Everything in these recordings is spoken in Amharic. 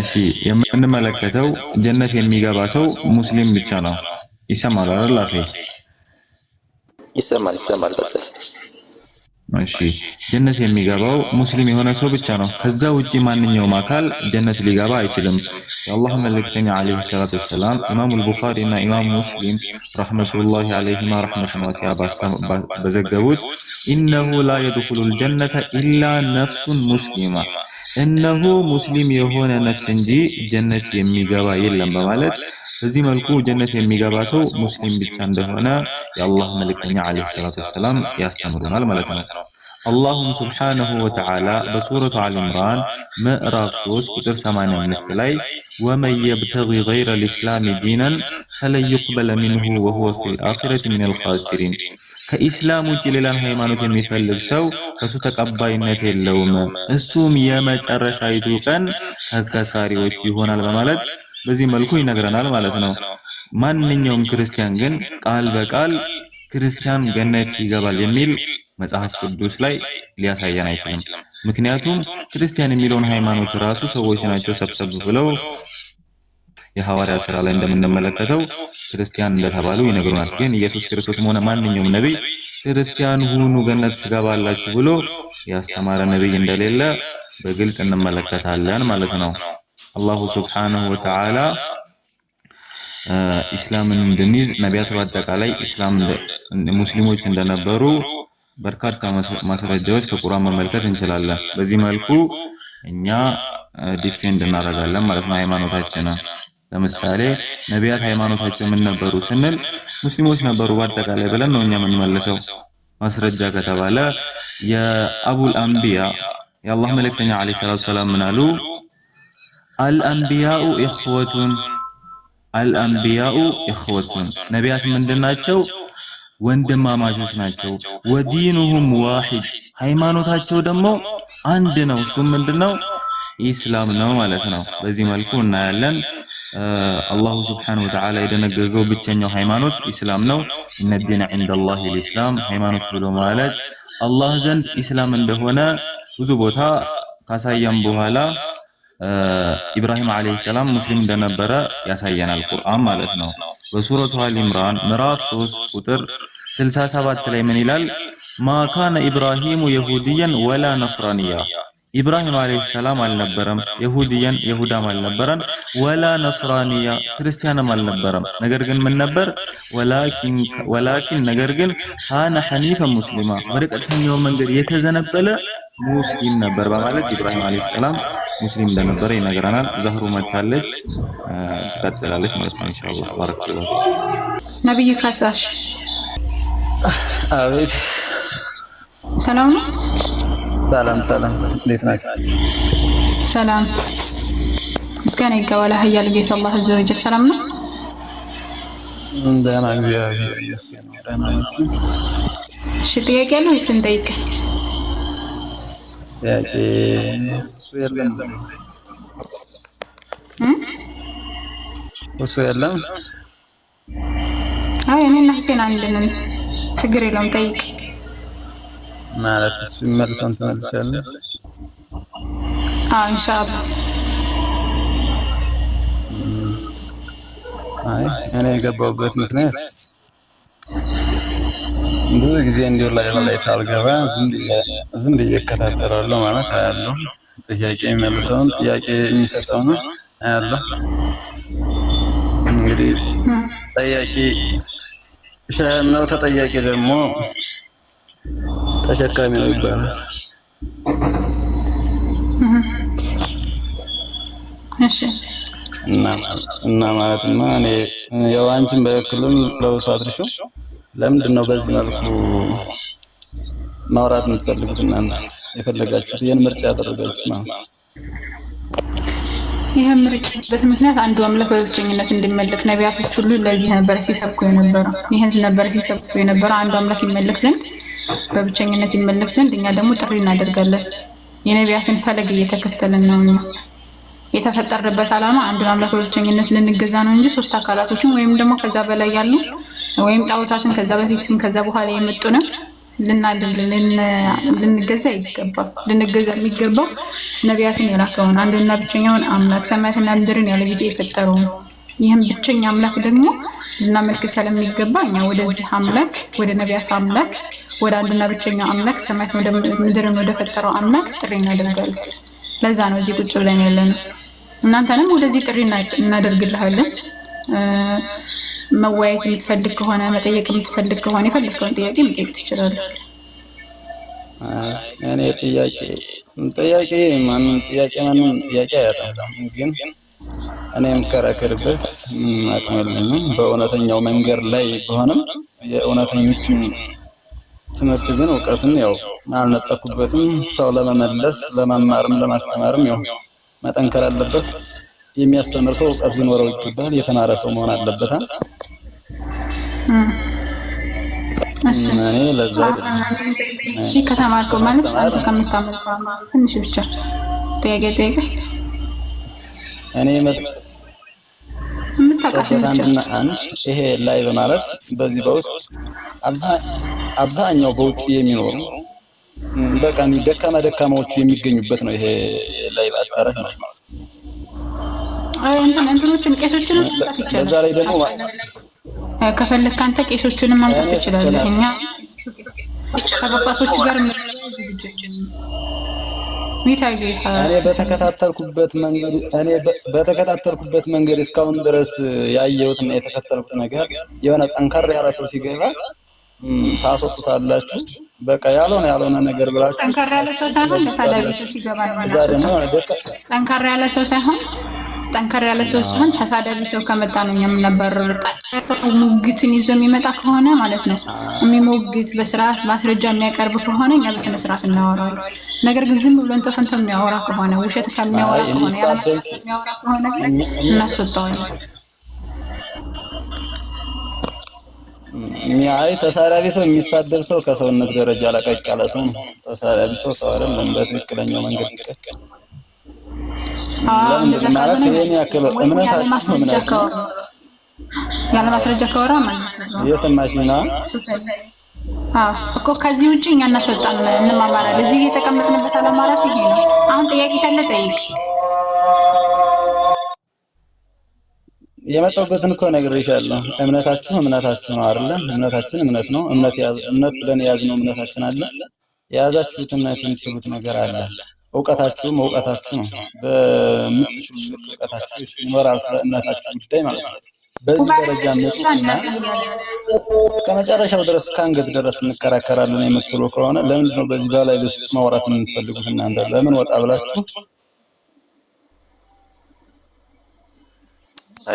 እሺ የምንመለከተው ጀነት የሚገባ ሰው ሙስሊም ብቻ ነው። ይሰማል አይደል? አፌ ይሰማል፣ ይሰማል። እሺ ጀነት የሚገባው ሙስሊም የሆነ ሰው ብቻ ነው። ከዛ ውጪ ማንኛውም አካል ጀነት ሊገባ አይችልም። የአላህ መልእክተኛ ዓለይሂ ሰላቱ ወሰላም ኢማሙ አልቡኻሪ እና ኢማሙ ሙስሊም ረሕመቱላሂ ዓለይሂማ ረሕመቱን ወሲዓ በዘገቡት ኢነሁ ላ የድኹሉል ጀነተ ኢላ ነፍሱን ሙስሊማ እነሆ ሙስሊም የሆነ ነፍስ እንጂ ጀነት የሚገባ የለም በማለት በዚህ መልኩ ጀነት የሚገባ ሰው ሙስሊም ብቻ እንደሆነ የአላህ መልእክተኛ ዓለይሂ ሰላቱ ወሰላም ያስተምሩናል ማለት ነው። አላሁም ስብሓነሁ ወተዓላ በሱረቱ አል ዕምራን ምዕራፍ 3 ቁጥር 85 ላይ ወመን የብተጊ ገይረ ልእስላሚ ዲናን ፈለን ዩቅበለ ሚንሁ ወሁወ ፊል አኺረቲ ሚነል ኻሲሪን ከኢስላም ውጭ ሌላን ሃይማኖት የሚፈልግ ሰው እሱ ተቀባይነት የለውም። እሱም የመጨረሻይቱ ቀን ተከሳሪዎች ይሆናል በማለት በዚህ መልኩ ይነግረናል ማለት ነው። ማንኛውም ክርስቲያን ግን ቃል በቃል ክርስቲያን ገነት ይገባል የሚል መጽሐፍ ቅዱስ ላይ ሊያሳየን አይችልም። ምክንያቱም ክርስቲያን የሚለውን ሃይማኖት ራሱ ሰዎች ናቸው ሰብሰብ ብለው የሐዋርያ ስራ ላይ እንደምንመለከተው ክርስቲያን እንደተባሉ ይነግሩናል። ግን ኢየሱስ ክርስቶስም ሆነ ማንኛውም ነቢይ ክርስቲያን ሁኑ ገነት ትገባላችሁ ብሎ ያስተማረ ነቢይ እንደሌለ በግልጽ እንመለከታለን ማለት ነው። አላሁ ስብሓነሁ ወተዓላ ኢስላምን እንድንይዝ ነቢያት በአጠቃላይ ኢስላም ሙስሊሞች እንደነበሩ በርካታ ማስረጃዎች ከቁርአን መመልከት እንችላለን። በዚህ መልኩ እኛ ዲፌንድ እናደርጋለን ማለት ነው ሃይማኖታችንን። ለምሳሌ ነቢያት ሃይማኖታቸው ምን ነበሩ ስንል ሙስሊሞች ነበሩ በአጠቃላይ ብለን ነው እኛ የምንመልሰው። ማስረጃ ከተባለ የአቡል አንቢያ የአላህ መልእክተኛ ዓለይሂ ሰላቱ ሰላም ምን አሉ? አልአንቢያኡ ኢኽወቱን አልአንቢያኡ ኢኽወቱን ነቢያት ምንድናቸው? ወንድማማቾች ናቸው። ወዲኑሁም ዋሂድ ሃይማኖታቸው ደግሞ አንድ ነው። እሱም ምንድነው? ኢስላም ነው ማለት ነው። በዚህ መልኩ እናያለን። አላሁ ስብሓነሁ ወተዓላ የደነገገው ብቸኛው ሃይማኖት ኢስላም ነው። እነ ዲነ ዒንደላሂ ልኢስላም ሃይማኖት ብሎ ማለት አላህ ዘንድ ኢስላም እንደሆነ ብዙ ቦታ ካሳየም በኋላ ኢብራሂም ዓለይሂ ሰላም ሙስሊም እንደነበረ ያሳየናል ቁርአን ማለት ነው። በሱረቱ አሊ ኢምራን ምዕራፍ 3 ቁጥር 67 ላይ ምን ይላል? ማካነ ኢብራሂሙ የሁድየን ወላ ነስራንያ ኢብራሂም አለይሂ ሰላም አልነበረም። የሁዲያን የሁዳም አልነበረም። ወላ ነስራንያ ክርስቲያንም አልነበረም። ነገር ግን ምን ነበር? ወላኪን ነገር ግን ካነ ሐኒፈ ሙስሊማ ወደ ቀጥተኛው መንገድ የተዘነበለ ሙስሊም ነበር በማለት ኢብራሂም አለይሂ ሰላም ሙስሊም እንደነበረ ይነግረናል። ዛህሩ መታለች ትቀጥላለች ማለት ነው ኢንሻአላህ። ባረከላህ ነብይ ካሳሽ አቤት ሰላም ነው ሰላም ሰላም፣ እንዴት ናቸው? ሰላም ምስጋና ይገባል ኃያል ጌታ አላህ አዘ ወጀል። ሰላም ነው። ደህና እግዚአብሔር ይመስገን። ደህና እሺ፣ ጥያቄ ያለው ወይስ እንጠይቅ? ጥያቄ እሱ የለም እሱ የለም። አይ እኔና ሁሴን አንድ ነን። ችግር የለውም ጠይቅ ማለት እሱ ይመልሳን ትመልሻለሽ? አዎ ኢንሻአላህ። አይ እኔ የገባሁበት ምክንያት ብዙ ጊዜ እንዲሁ ላይ ላይ ሳልገባ ዝም ብዬ እከታተላለሁ ማለት አያለሁ። ጥያቄ የሚመልሰውን ጥያቄ የሚሰጠውን አያለሁ። እንግዲህ ጠያቂ ሸህም ነው ተጠያቂ ደግሞ ተሸካሚ ነው ይባላል። እሺ እና ማለትማ እኔ ያው አንቺን በክልም ለውሱ አድርሽው ለምንድን ነው በዚህ መልኩ ማውራት የምትፈልጉት እናንተ የፈለጋችሁት ይህን ምርጫ ያደረጋችሁት ማለት ይህ ምርጫበት ምክንያት አንዱ አምላክ በብቸኝነት እንዲመለክ ነቢያቶች ሁሉ ለዚህ ነበረ ሲሰብኩ የነበረው ይህን ነበረ ሲሰብኩ የነበረው አንዱ አምላክ ይመለክ ዘንድ በብቸኝነት ይመለስ ዘንድ እኛ ደግሞ ጥሪ እናደርጋለን። የነቢያትን ፈለግ እየተከተልን ነው። እኛ የተፈጠረበት ዓላማ አንዱን አምላክ በብቸኝነት ልንገዛ ነው እንጂ ሶስት አካላቶችን ወይም ደግሞ ከዛ በላይ ያሉ ወይም ጣዖታትን ከዛ በፊትም ከዛ በኋላ የመጡንም ልንገዛ ይገባል። ልንገዛ የሚገባው ነቢያትን የላከውን አንዱና ብቸኛውን አምላክ ሰማያትና ምድርን ያለ ጌጤ የፈጠረውን ይህም ብቸኛ አምላክ ደግሞ ልናመልክ ስለሚገባ እኛ ወደዚህ አምላክ ወደ ነቢያት አምላክ ወደ አንድና ብቸኛ አምላክ ሰማያት ምድርን ወደፈጠረው አምላክ ጥሪ እናደርጋለን። ለዛ ነው እዚህ ቁጭ ብለን ያለ ነው። እናንተንም ወደዚህ ጥሪ እናደርግልሃለን። መወያየት የምትፈልግ ከሆነ መጠየቅ የምትፈልግ ከሆነ የፈለግከውን ጥያቄ መጠየቅ ትችላለህ። እኔ ጥያቄ ጥያቄ ማንም ጥያቄ ማንም ጥያቄ አያጣም ግን እኔ የምከራከርበት አቅም የለኝም። በእውነተኛው መንገድ ላይ በሆነም የእውነተኞቹን ትምህርት ግን እውቀትም ያው አልነጠኩበትም። ሰው ለመመለስ ለመማርም ለማስተማርም ያው መጠንከር አለበት። የሚያስተምር ሰው እውቀት ሊኖረው ይገባል። የተማረ ሰው መሆን አለበት። እኔ ለዛ ከተማርከው ማለት ከምታመልከው ትንሽ ብቻ ጥያቄ እኔ ይሄ ላይ በማለት በዚህ በውስጥ አብዛኛው በውጭ የሚኖሩ በቃ ደካማ ደካማዎቹ የሚገኙበት ነው። ይሄ ላይ አዳራሽ ማለት ነው። እንትኖችን ቄሶችንም ማምጣት ይቻላል። በዛ ላይ ደግሞ ከፈለክ አንተ ቄሶችንም ማምጣት ይችላል። እኛ ከጳጳሶች ጋር እኔ በተከታተልኩበት መንገድ እኔ በተከታተልኩበት መንገድ እስካሁን ድረስ ያየሁት ያየሁትና የተከተልኩት ነገር የሆነ ጠንከር ያለ ሰው ሲገባ ታስወጡታላችሁ። በቃ ያልሆነ ያልሆነ ነገር ብላችሁ ጠንከር ያለ ሰው ሳይሆን ለሳዳቢ ሰው ሲገባ ነው ማለት ነው። ጠንከር ያለ ሰው ሳይሆን ጠንከር ያለ ሰው ሲሆን ተሳዳቢ ሰው ከመጣ ነው የምንባረር። ሙግትን ይዞ የሚመጣ ከሆነ ማለት ነው የሚሞግት በስርዓት ማስረጃ የሚያቀርብ ከሆነ እኛ በስነ ስርዓት እናወራለን። ነገር ግን ዝም ብሎ እንቶ የሚያወራ ከሆነ ውሸት ከሚያወራ ከሆነ የሚያወራ ከሆነ እናስወጣዋለን። አይ ተሳዳቢ ሰው የሚሳደብ ሰው ከሰውነት ደረጃ ለቀቅ ያለ ሰው ተሳዳቢ ሰው ሰው አይደለም በትክክለኛው መንገድ ማለት ይህን ያክል እምነታችሁ ምን ያክል እኮ ከዚህ ውጭ እኛ እናስወጣም እንማማራል። እዚህ የተቀመጥንበት ይሄ ነው። አሁን ጥያቄ ካለ ጠይቅ። የመጣሁበትን እኮ ነግሬሻለሁ። እምነታችሁ እምነታችሁ ነው አይደለ? እምነታችን እምነት ነው። እምነት ብለን የያዝነው እምነታችን አለ። የያዛችሁት እምነት የምትሉት ነገር አለ እውቀታችሁም እውቀታችሁ ነው። በምትችሉ እውቀታችሁ ይኖራል። ስለ እናታችሁ ጉዳይ ማለት ነው። በዚህ ደረጃ መጡና ከመጨረሻው ድረስ ከአንገት ድረስ እንከራከራለን የምትሉ ከሆነ ለምንድን ነው በዚህ በላይ ውስጥ ማውራት የምትፈልጉት? እናንተ ለምን ወጣ ብላችሁ?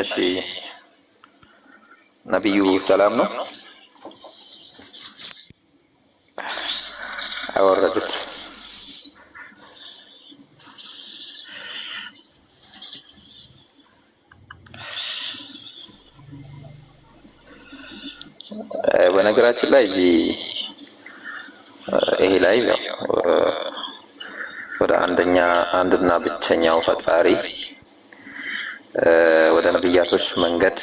እሺ ነቢዩ ሰላም ነው አወረዱት በነገራችን ላይ ይሄ ላይ ነው ወደ አንደኛ አንድና ብቸኛው ፈጣሪ ወደ ነብያቶች መንገድ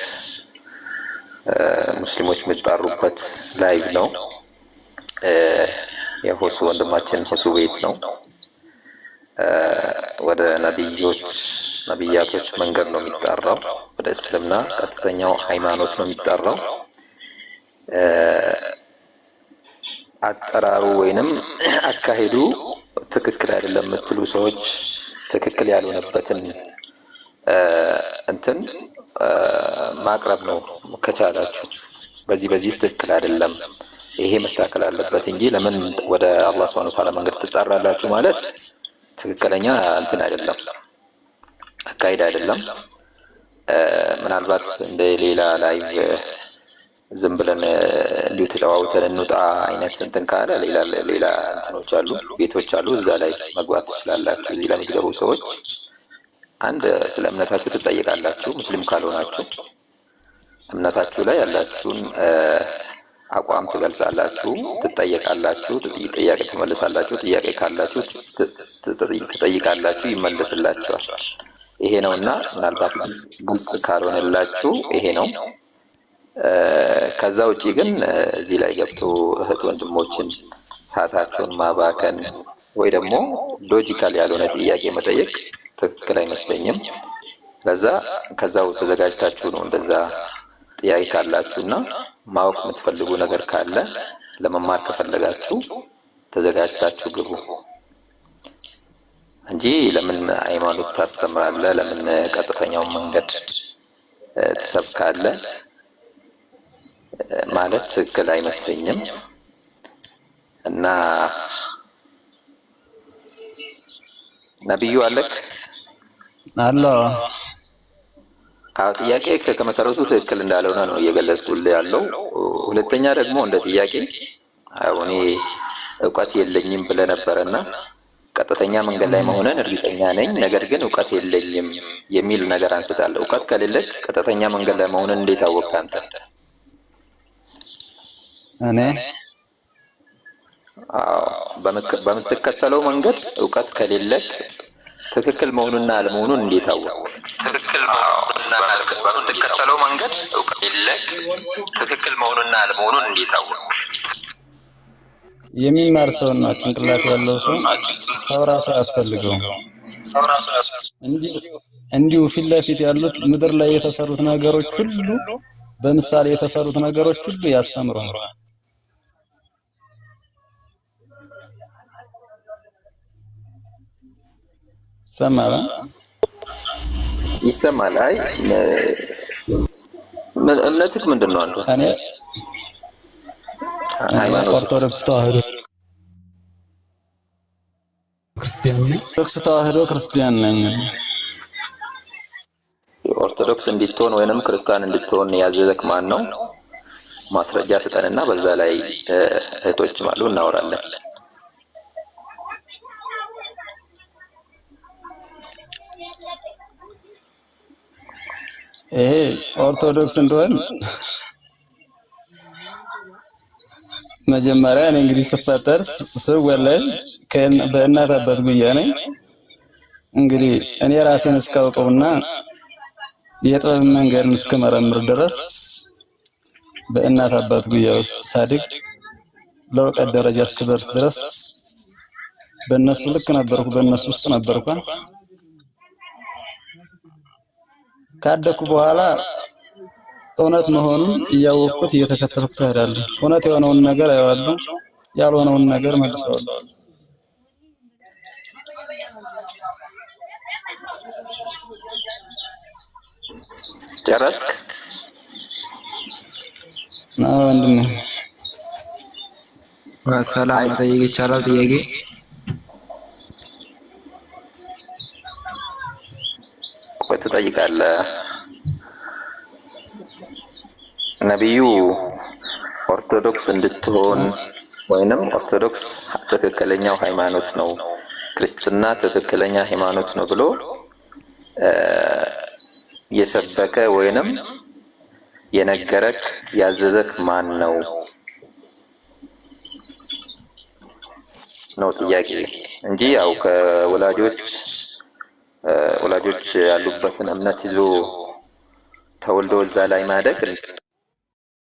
ሙስሊሞች የሚጣሩበት ላይቭ ነው። የሆሱ ወንድማችን ሆሱ ቤት ነው። ወደ ነብዮች ነብያቶች መንገድ ነው የሚጠራው። ወደ እስልምና ቀጥተኛው ሃይማኖት ነው የሚጠራው። አጠራሩ ወይንም አካሄዱ ትክክል አይደለም የምትሉ ሰዎች ትክክል ያልሆነበትን እንትን ማቅረብ ነው ከቻላችሁ። በዚህ በዚህ ትክክል አይደለም፣ ይሄ መስተካከል አለበት እንጂ ለምን ወደ አላህ ስብሐነ ወተዓላ መንገድ ትጣራላችሁ ማለት ትክክለኛ እንትን አይደለም፣ አካሄድ አይደለም። ምናልባት እንደ ሌላ ላይ ዝም ብለን እንዲሁ ተጨዋውተን እንውጣ አይነት እንትን ካለ ሌላ ሌላ እንትኖች አሉ፣ ቤቶች አሉ። እዛ ላይ መግባት ትችላላችሁ። እዚህ ለምትገቡ ሰዎች አንድ ስለ እምነታችሁ ትጠይቃላችሁ። ሙስሊም ካልሆናችሁ እምነታችሁ ላይ ያላችሁን አቋም ትገልጻላችሁ፣ ትጠየቃላችሁ፣ ጥያቄ ትመልሳላችሁ። ጥያቄ ካላችሁ ትጠይቃላችሁ፣ ይመለስላችኋል። ይሄ እና ምናልባት ግልጽ ካልሆነላችሁ ይሄ ነው ከዛ ውጭ ግን እዚህ ላይ ገብቶ እህት ወንድሞችን ሰዓታቸውን ማባከን ወይ ደግሞ ሎጂካል ያልሆነ ጥያቄ መጠየቅ ትክክል አይመስለኝም። ለዛ ከዛው ተዘጋጅታችሁ ነው እንደዛ ጥያቄ ካላችሁና ማወቅ የምትፈልጉ ነገር ካለ ለመማር ከፈለጋችሁ ተዘጋጅታችሁ ግቡ እንጂ ለምን ሃይማኖት ታስተምራለህ? ለምን ቀጥተኛው መንገድ ትሰብካለህ? ማለት ትክክል አይመስለኝም እና ነቢዩ አለክ አሎ አዎ ጥያቄ ከመሰረቱ ትክክል እንዳልሆነ ነው እየገለጽኩልህ ያለው። ሁለተኛ ደግሞ እንደ ጥያቄ እኔ እውቀት የለኝም ብለህ ነበረና ቀጥተኛ መንገድ ላይ መሆንን እርግጠኛ ነኝ፣ ነገር ግን እውቀት የለኝም የሚል ነገር አንስታለ እውቀት ከሌለህ ቀጥተኛ መንገድ ላይ መሆንን እንዴት አወቅህ አንተ? እኔ በምትከተለው መንገድ እውቀት ከሌለክ ትክክል መሆኑና አለመሆኑን እንዴት አወቅ? ትክክል መሆኑና በምትከተለው መንገድ እውቀት ከሌለክ ትክክል መሆኑና አለመሆኑን እንዴት አወቅ? የሚማር ሰውና ጭንቅላት ያለው ሰው ሰው ራሱ አያስፈልገው። እንዲሁ ፊት ለፊት ያሉት ምድር ላይ የተሰሩት ነገሮች ሁሉ በምሳሌ የተሰሩት ነገሮች ሁሉ ያስተምረዋል። ይሰማል ይሰማል። አይ እምነትህ ምንድን ነው አንተ? ኦርቶዶክስ ተዋህዶ ክርስቲያን ነኝ። ኦርቶዶክስ ተዋህዶ ክርስቲያን ነኝ። ኦርቶዶክስ እንድትሆን ወይንም ክርስቲያን እንድትሆን ያዘዘክ ማን ነው? ማስረጃ ስጠንና በዛ ላይ እህቶችም አሉ እናወራለን። ይሄ ኦርቶዶክስ እንደሆን መጀመሪያ እኔ እንግዲህ ስፈጠር ስወለድ በእናት አባት ጉያ ነኝ። እንግዲህ እኔ ራሴን እስካውቀውና የጥበብ መንገድ እስክመረምር ድረስ በእናት አባት ጉያ ውስጥ ሳድግ ለእውቀት ደረጃ እስክደርስ ድረስ በእነሱ ልክ ነበርኩ፣ በእነሱ ውስጥ ነበርኳ። ካደኩ በኋላ እውነት መሆኑን እያወቅኩት እየተከተልኩት እሄዳለሁ። እውነት የሆነውን ነገር አየዋለሁ፣ ያልሆነውን ነገር መልሰዋለሁ። ጨረስክ? ወንድሜ ሰላም መጠየቅ ይቻላል? ጥያቄ ትጠይቃለህ። ነቢዩ ኦርቶዶክስ እንድትሆን ወይንም ኦርቶዶክስ ትክክለኛው ሃይማኖት ነው፣ ክርስትና ትክክለኛ ሃይማኖት ነው ብሎ የሰበከ ወይንም የነገረክ ያዘዘክ ማን ነው ነው ጥያቄ እንጂ ያው ከወላጆች ወላጆች ያሉበትን እምነት ይዞ ተወልዶ እዛ ላይ ማደግ